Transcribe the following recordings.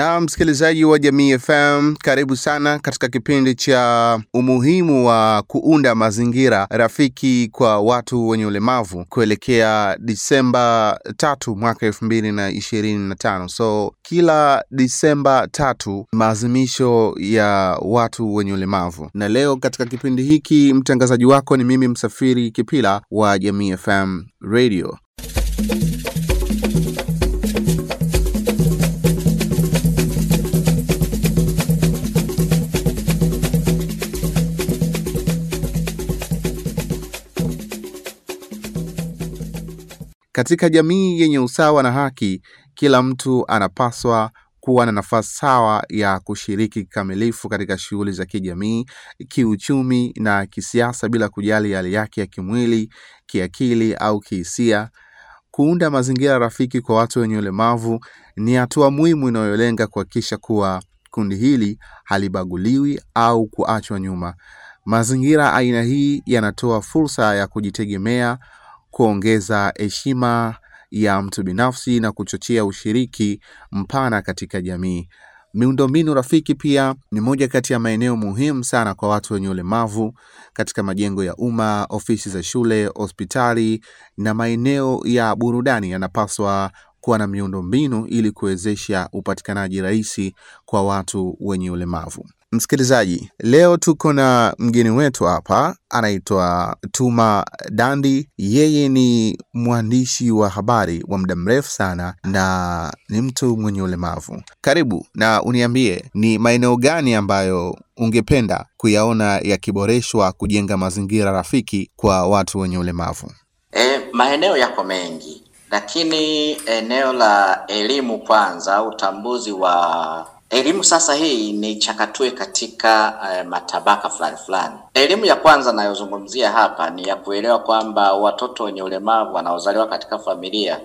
Na msikilizaji wa Jamii FM, karibu sana katika kipindi cha umuhimu wa kuunda mazingira rafiki kwa watu wenye ulemavu kuelekea Disemba tatu mwaka elfu mbili na ishirini na tano. So kila Disemba tatu maadhimisho ya watu wenye ulemavu, na leo katika kipindi hiki mtangazaji wako ni mimi Msafiri Kipila wa Jamii FM Radio. Katika jamii yenye usawa na haki, kila mtu anapaswa kuwa na nafasi sawa ya kushiriki kikamilifu katika shughuli za kijamii, kiuchumi na kisiasa bila kujali hali yake ya kimwili, kiakili au kihisia. Kuunda mazingira rafiki kwa watu wenye ulemavu ni hatua muhimu inayolenga kuhakikisha kuwa kundi hili halibaguliwi au kuachwa nyuma. Mazingira aina hii yanatoa fursa ya kujitegemea kuongeza heshima ya mtu binafsi na kuchochea ushiriki mpana katika jamii. Miundombinu rafiki pia ni moja kati ya maeneo muhimu sana kwa watu wenye ulemavu katika majengo ya umma, ofisi za shule, hospitali na maeneo ya burudani yanapaswa kuwa na miundombinu ili kuwezesha upatikanaji rahisi kwa watu wenye ulemavu. Msikilizaji, leo tuko na mgeni wetu hapa, anaitwa Tuma Dandi. Yeye ni mwandishi wa habari wa muda mrefu sana na ni mtu mwenye ulemavu. Karibu na uniambie, ni maeneo gani ambayo ungependa kuyaona yakiboreshwa kujenga mazingira rafiki kwa watu wenye ulemavu? E, maeneo yako mengi, lakini eneo la elimu kwanza, utambuzi wa Elimu sasa hii ni chakatue katika uh, matabaka fulani fulani. Elimu ya kwanza nayozungumzia hapa ni ya kuelewa kwamba watoto wenye ulemavu wanaozaliwa katika familia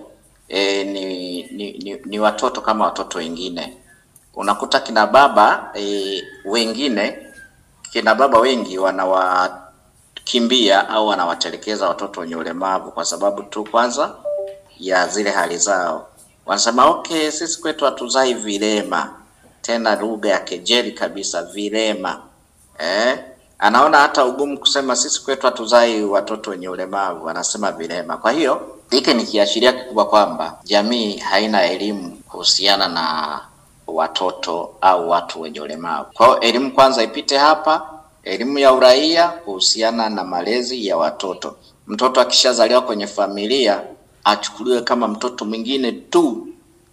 e, ni, ni, ni, ni watoto kama watoto wengine. Unakuta kina baba e, wengine kina baba wengi wanawakimbia au wanawatelekeza watoto wenye ulemavu kwa sababu tu kwanza ya zile hali zao, wanasema okay, sisi kwetu hatuzai vilema tena lugha ya kejeli kabisa, vilema eh? Anaona hata ugumu kusema sisi kwetu hatuzai watoto wenye ulemavu, anasema vilema. Kwa hiyo hiki ni kiashiria kikubwa kwamba jamii haina elimu kuhusiana na watoto au watu wenye ulemavu. Kwa hiyo elimu kwanza ipite hapa, elimu ya uraia kuhusiana na malezi ya watoto. Mtoto akishazaliwa kwenye familia achukuliwe kama mtoto mwingine tu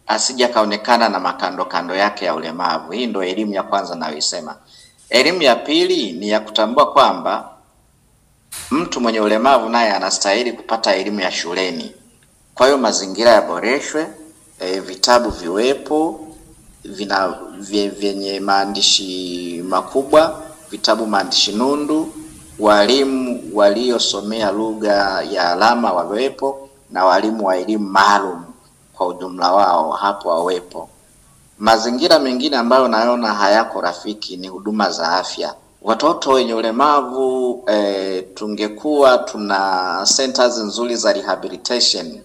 asija kaonekana na makando kando yake ya ulemavu. Hii ndio elimu ya kwanza nayoisema. Elimu ya pili ni ya kutambua kwamba mtu mwenye ulemavu naye anastahili kupata elimu ya shuleni. Kwa hiyo mazingira yaboreshwe, e, vitabu viwepo vina vyenye maandishi makubwa, vitabu maandishi nundu, walimu waliosomea lugha ya alama wawepo na walimu wa elimu maalum kwa ujumla wao hapo wawepo. Mazingira mengine ambayo naona hayako rafiki ni huduma za afya watoto wenye ulemavu e, tungekuwa tuna centers nzuri za rehabilitation,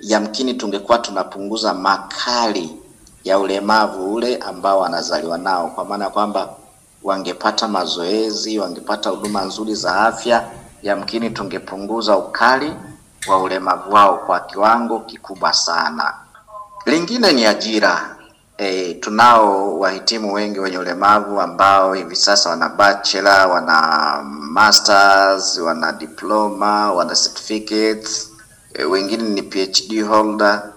yamkini tungekuwa tunapunguza makali ya ulemavu ule ambao wanazaliwa nao, kwa maana ya kwamba wangepata mazoezi, wangepata huduma nzuri za afya, yamkini tungepunguza ukali wa ulemavu wao kwa kiwango kikubwa sana. Lingine ni ajira. E, tunao wahitimu wengi wenye ulemavu ambao hivi sasa wana bachelor, wana masters, wana diploma, wana certificates, e, wengine ni PhD holder.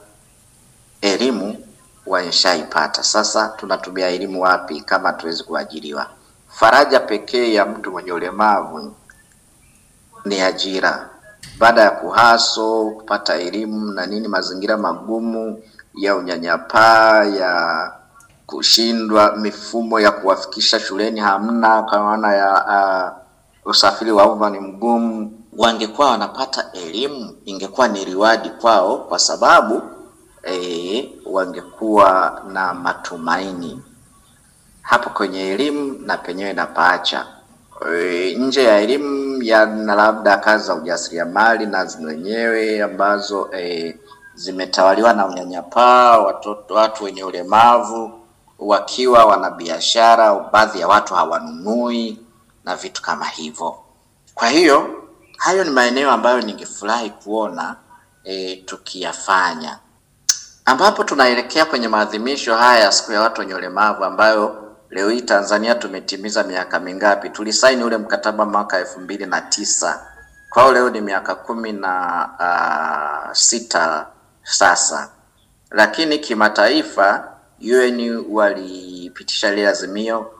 Elimu waishaipata. Sasa tunatumia elimu wapi kama tuwezi kuajiriwa? Faraja pekee ya mtu mwenye ulemavu ni ajira baada ya kuhaso kupata elimu na nini, mazingira magumu ya unyanyapaa ya kushindwa, mifumo ya kuwafikisha shuleni hamna, kwa maana ya uh, usafiri wa umma ni mgumu. Wangekuwa wanapata elimu, ingekuwa ni riwadi kwao, kwa sababu eh, wangekuwa na matumaini hapo kwenye elimu na penyewe na paacha e, nje ya elimu ya na labda kazi za ujasiriamali na zenyewe ambazo e, zimetawaliwa na unyanyapaa, watoto, watu wenye ulemavu wakiwa wana biashara, baadhi ya watu hawanunui na vitu kama hivyo. Kwa hiyo hayo ni maeneo ambayo ningefurahi kuona e, tukiyafanya, ambapo tunaelekea kwenye maadhimisho haya ya siku ya watu wenye ulemavu ambayo Leo hii Tanzania tumetimiza miaka mingapi? Tulisaini ule mkataba mwaka elfu mbili na tisa kwao leo ni miaka kumi na uh, sita sasa, lakini kimataifa UN walipitisha ile azimio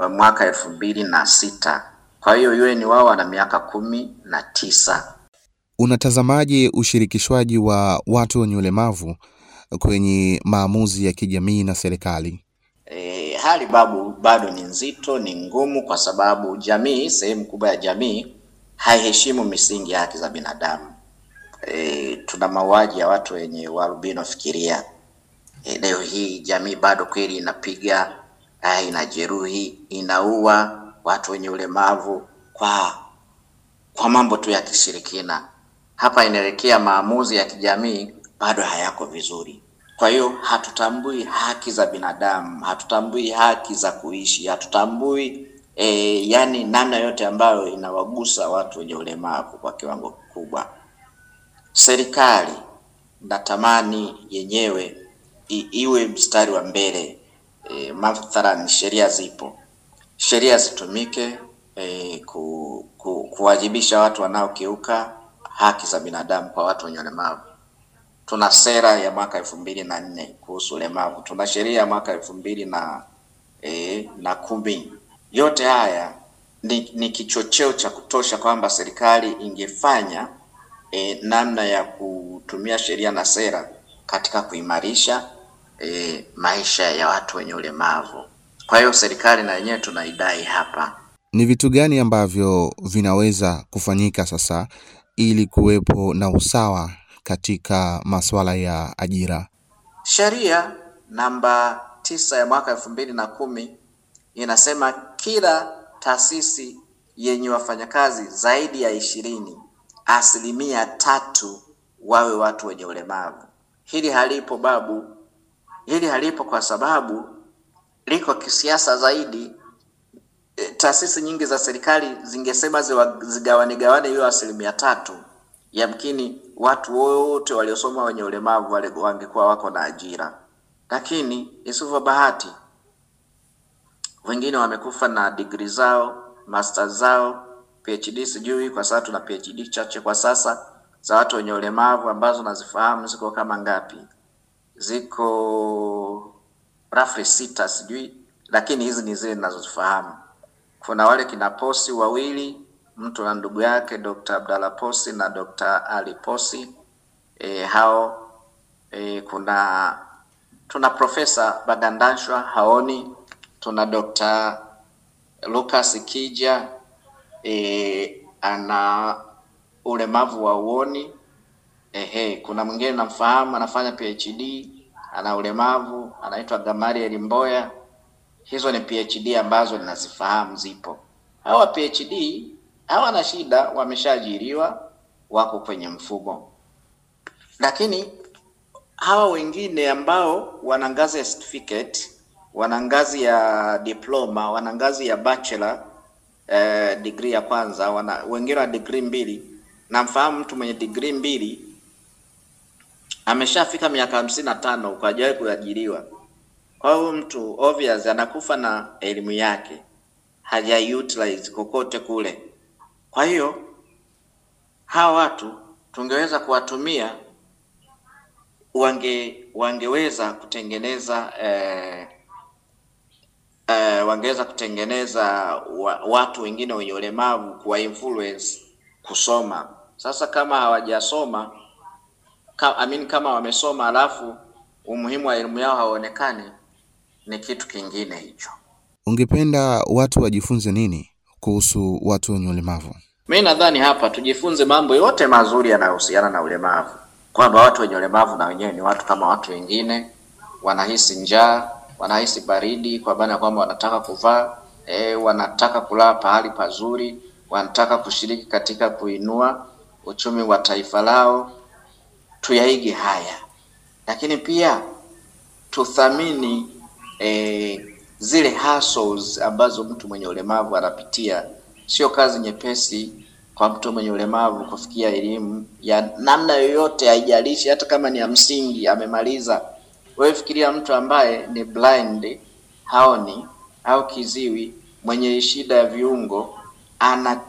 ah, mwaka elfu mbili na sita. Kwa hiyo UN wao wana miaka kumi na tisa. Unatazamaje ushirikishwaji wa watu wenye ulemavu kwenye maamuzi ya kijamii na serikali? E, hali babu bado ni nzito, ni ngumu, kwa sababu jamii, sehemu kubwa ya jamii haiheshimu misingi ya haki za binadamu. E, tuna mauaji ya watu wenye ualbino fikiria. E, leo hii jamii bado kweli inapiga, e, inajeruhi, inaua watu wenye ulemavu kwa kwa mambo tu ya kishirikina. Hapa inaelekea maamuzi ya kijamii bado hayako vizuri. Kwa hiyo hatutambui haki za binadamu, hatutambui haki za kuishi, hatutambui e, yani namna yote ambayo inawagusa watu wenye ulemavu kwa kiwango kikubwa. Serikali natamani yenyewe i, iwe mstari wa mbele e, eh, mathalan sheria zipo, sheria zitumike e, ku, ku, kuwajibisha watu wanaokiuka haki za binadamu kwa watu wenye ulemavu tuna sera ya mwaka elfu mbili na nne kuhusu ulemavu, tuna sheria ya mwaka elfu mbili na e, na kumi. Yote haya ni, ni kichocheo cha kutosha kwamba serikali ingefanya e, namna ya kutumia sheria na sera katika kuimarisha e, maisha ya watu wenye ulemavu. Kwa hiyo serikali na yenyewe tunaidai hapa. Ni vitu gani ambavyo vinaweza kufanyika sasa ili kuwepo na usawa katika masuala ya ajira. Sheria namba tisa ya mwaka elfu mbili na kumi inasema kila taasisi yenye wafanyakazi zaidi ya ishirini, asilimia tatu wawe watu wenye ulemavu. Hili halipo babu, hili halipo kwa sababu liko kisiasa zaidi. Eh, taasisi nyingi za serikali zingesema zigawane gawane hiyo asilimia tatu Yamkini watu wote waliosoma wenye ulemavu wale wangekuwa wako na ajira, lakini isivyo bahati, wengine wamekufa na digri zao, master zao, PhD sijui kwa sasa tuna PhD chache kwa sasa za watu wenye ulemavu ambazo nazifahamu ziko kama ngapi? Ziko rafli sita sijui, lakini hizi ni zile ninazozifahamu. Kuna wale kinaposi wawili mtu na ndugu yake Dr. Abdalla posi na Dr. Ali posi E, hao e, kuna tuna Profesa Bagandashwa Haoni, tuna Dr. Lucas Kija e, ana ulemavu wa uoni. Ehe, kuna mwingine namfahamu anafanya PhD ana ulemavu anaitwa Gamariel Mboya. Hizo ni PhD ambazo ninazifahamu zipo. Hawa PhD hawana shida, wameshaajiriwa, wako kwenye mfumo. Lakini hawa wengine ambao wana ngazi ya certificate, wana ngazi ya diploma, wana ngazi ya bachelor eh, degree ya kwanza, wana wengine wa degree mbili. Namfahamu mtu mwenye degree mbili ameshafika miaka hamsini na tano kwa ajili kuajiriwa. Kwa hiyo mtu obvious anakufa na elimu yake hajaiutilize kokote kule. Kwa hiyo hawa watu tungeweza kuwatumia, wange wangeweza kutengeneza eh, eh, wangeweza kutengeneza wa, watu wengine wenye ulemavu kuwa influence kusoma. Sasa kama hawajasoma ka, I mean, kama wamesoma alafu umuhimu wa elimu yao hauonekani ni kitu kingine hicho. Ungependa watu wajifunze nini kuhusu watu wenye ulemavu? Mimi nadhani hapa tujifunze mambo yote mazuri yanayohusiana na ulemavu, kwamba watu wenye ulemavu na wenyewe ni watu kama watu wengine, wanahisi njaa, wanahisi baridi, kwa maana kwamba wanataka kuvaa e, wanataka kulala pahali pazuri, wanataka kushiriki katika kuinua uchumi wa taifa lao. Tuyaige haya, lakini pia tuthamini e, zile hassles ambazo mtu mwenye ulemavu anapitia Sio kazi nyepesi kwa mtu mwenye ulemavu kufikia elimu ya namna yoyote, haijalishi hata kama ni ya msingi amemaliza. Wewe fikiria mtu ambaye ni blind, haoni au kiziwi, mwenye shida ya viungo, ana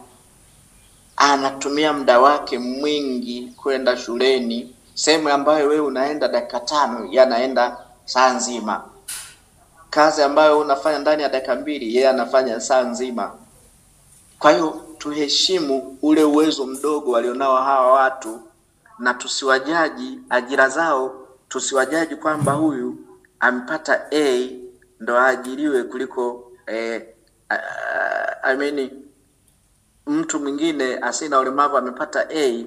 anatumia muda wake mwingi kwenda shuleni, sehemu ambayo wewe unaenda dakika tano, yanaenda saa nzima. Kazi ambayo unafanya ndani ya dakika mbili, yeye anafanya saa nzima. Kwa hiyo tuheshimu ule uwezo mdogo walionao hawa watu na tusiwajaji ajira zao, tusiwajaji kwamba huyu amepata A ndo aajiriwe kuliko eh, I mean, mtu mwingine asina ulemavu amepata A,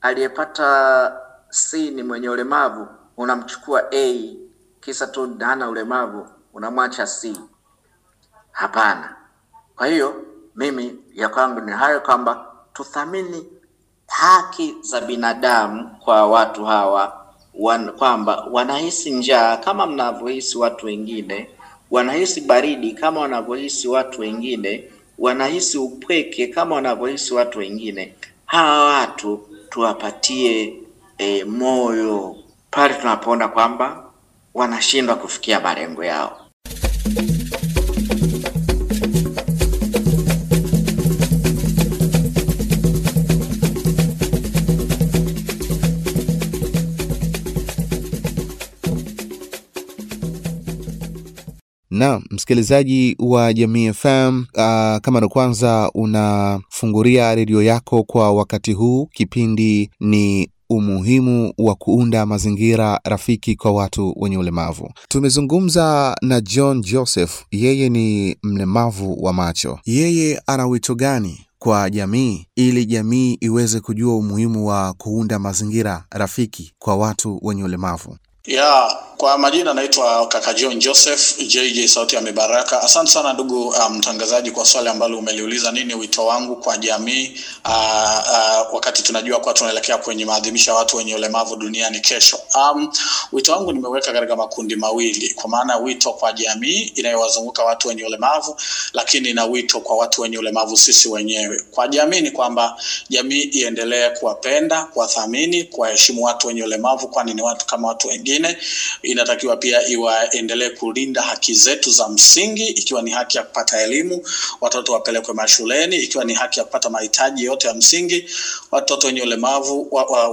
aliyepata C ni mwenye ulemavu, unamchukua A kisa tu hana ulemavu, unamwacha C. Hapana. Kwa hiyo mimi ya kwangu ni hayo kwamba tuthamini haki za binadamu kwa watu hawa wan, kwamba wanahisi njaa kama mnavyohisi watu wengine, wanahisi baridi kama wanavyohisi watu wengine, wanahisi upweke kama wanavyohisi watu wengine. Hawa watu tuwapatie e, moyo pale tunapoona kwamba wanashindwa kufikia malengo yao. Na msikilizaji wa Jamii FM, uh, ah, kama ndo kwanza unafunguria redio yako kwa wakati huu, kipindi ni umuhimu wa kuunda mazingira rafiki kwa watu wenye ulemavu. Tumezungumza na John Joseph, yeye ni mlemavu wa macho. Yeye ana wito gani kwa jamii ili jamii iweze kujua umuhimu wa kuunda mazingira rafiki kwa watu wenye ulemavu? Yeah, kwa majina naitwa kaka John Joseph JJ, sauti ya mibaraka. Asante sana ndugu ah, mtangazaji, um, kwa swali ambalo umeliuliza, nini wito wangu kwa jamii uh, uh, wakati tunajua kwa tunaelekea kwenye maadhimisho ya watu wenye ulemavu duniani kesho. Um, wito wangu nimeweka katika makundi mawili, kwa maana wito kwa jamii inayowazunguka watu wenye ulemavu, lakini na wito kwa watu wenye ulemavu sisi wenyewe. Kwa jamii ni kwamba jamii iendelee kuwapenda, kuwathamini, kuwaheshimu watu wenye ulemavu, kwani ni watu kama watu wengine nyingine, inatakiwa pia iwaendelee kulinda haki zetu za msingi, ikiwa ni haki ya kupata elimu, watoto wapelekwe mashuleni, ikiwa ni haki ya kupata mahitaji yote ya msingi, watoto wenye ulemavu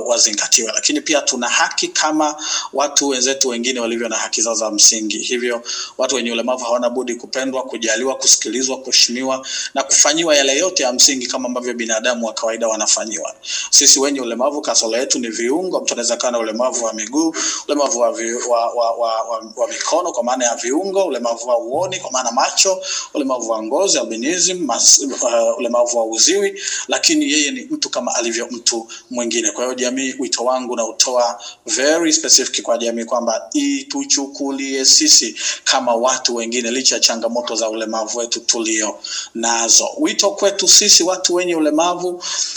wazingatiwe wa, wa, lakini pia tuna haki kama watu wenzetu wengine walivyo na haki zao za msingi. Hivyo watu wenye ulemavu hawana budi kupendwa, kujaliwa, kusikilizwa, kuheshimiwa na kufanyiwa yale yote ya msingi kama ambavyo binadamu wa kawaida wanafanyiwa. Sisi wenye ulemavu, kasoro yetu ni viungo. Mtu anaweza kuwa na ulemavu wa miguu, ulemavu ulemavu wa, wa, wa, wa, wa, wa mikono kwa maana ya viungo, ulemavu wa uoni kwa maana macho, ulemavu wa ngozi albinism, mas, uh, ulemavu wa uziwi, lakini yeye ni mtu kama alivyo mtu mwingine. Kwa hiyo jamii, wito wangu na utoa very specific kwa jamii kwamba ituchukulie sisi kama watu wengine, licha ya changamoto za ulemavu wetu tulio nazo. Wito kwetu sisi watu wenye ulemavu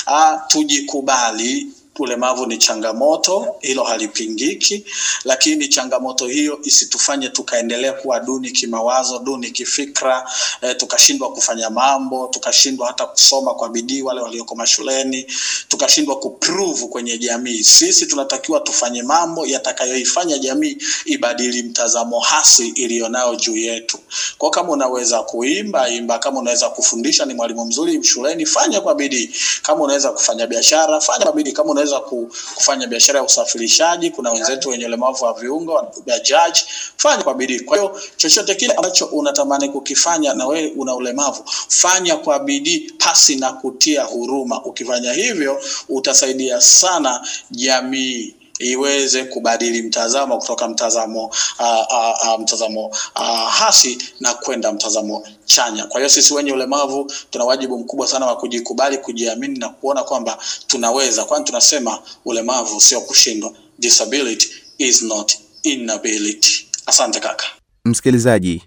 uh, tujikubali ulemavu ni changamoto, hilo halipingiki, lakini changamoto hiyo isitufanye tukaendelea kuwa duni kimawazo, duni kifikra, e, tukashindwa kufanya mambo, tukashindwa hata kusoma kwa bidii, wale walioko mashuleni, tukashindwa kuprove kwenye jamii. Sisi tunatakiwa tufanye mambo yatakayoifanya jamii ibadili mtazamo hasi iliyonayo juu yetu. Kwa kama unaweza kuimba imba, kama unaweza kufundisha, ni mwalimu mzuri shuleni, fanya kwa bidii. Kama unaweza kufanya biashara, fanya kwa bidii. Kama unaweza wanaoweza kufanya biashara ya usafirishaji, kuna wenzetu wenye ulemavu wa viungo, bajaji. Fanya kwa bidii. Kwa hiyo chochote kile ambacho unatamani kukifanya na wewe una ulemavu, fanya kwa bidii pasi na kutia huruma. Ukifanya hivyo utasaidia sana jamii iweze kubadili mtazamo kutoka mtazamo uh, uh, uh, mtazamo uh, hasi na kwenda mtazamo chanya. Kwa hiyo sisi wenye ulemavu tuna wajibu mkubwa sana wa kujikubali, kujiamini na kuona kwamba tunaweza, kwani tunasema ulemavu sio kushindwa. Disability is not inability. Asante kaka msikilizaji.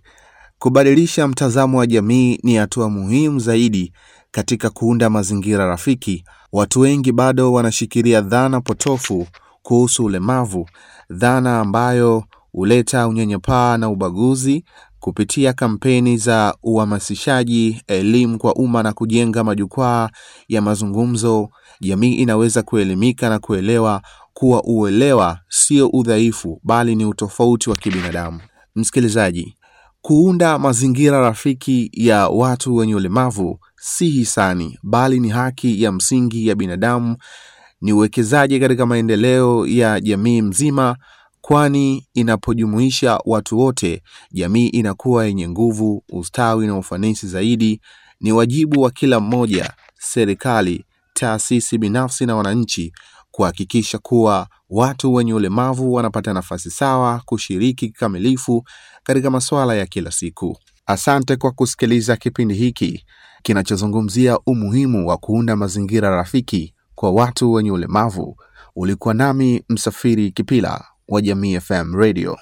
Kubadilisha mtazamo wa jamii ni hatua muhimu zaidi katika kuunda mazingira rafiki. Watu wengi bado wanashikilia dhana potofu kuhusu ulemavu, dhana ambayo huleta unyanyapaa na ubaguzi kupitia kampeni za uhamasishaji elimu kwa umma na kujenga majukwaa ya mazungumzo, jamii inaweza kuelimika na kuelewa kuwa uelewa sio udhaifu bali ni utofauti wa kibinadamu. Msikilizaji, kuunda mazingira rafiki ya watu wenye ulemavu si hisani bali ni haki ya msingi ya binadamu ni uwekezaji katika maendeleo ya jamii mzima, kwani inapojumuisha watu wote, jamii inakuwa yenye nguvu, ustawi na ufanisi zaidi. Ni wajibu wa kila mmoja, serikali, taasisi binafsi na wananchi kuhakikisha kuwa watu wenye ulemavu wanapata nafasi sawa kushiriki kikamilifu katika masuala ya kila siku. Asante kwa kusikiliza kipindi hiki kinachozungumzia umuhimu wa kuunda mazingira rafiki kwa watu wenye ulemavu. Ulikuwa nami Msafiri Kipila wa Jamii FM Radio.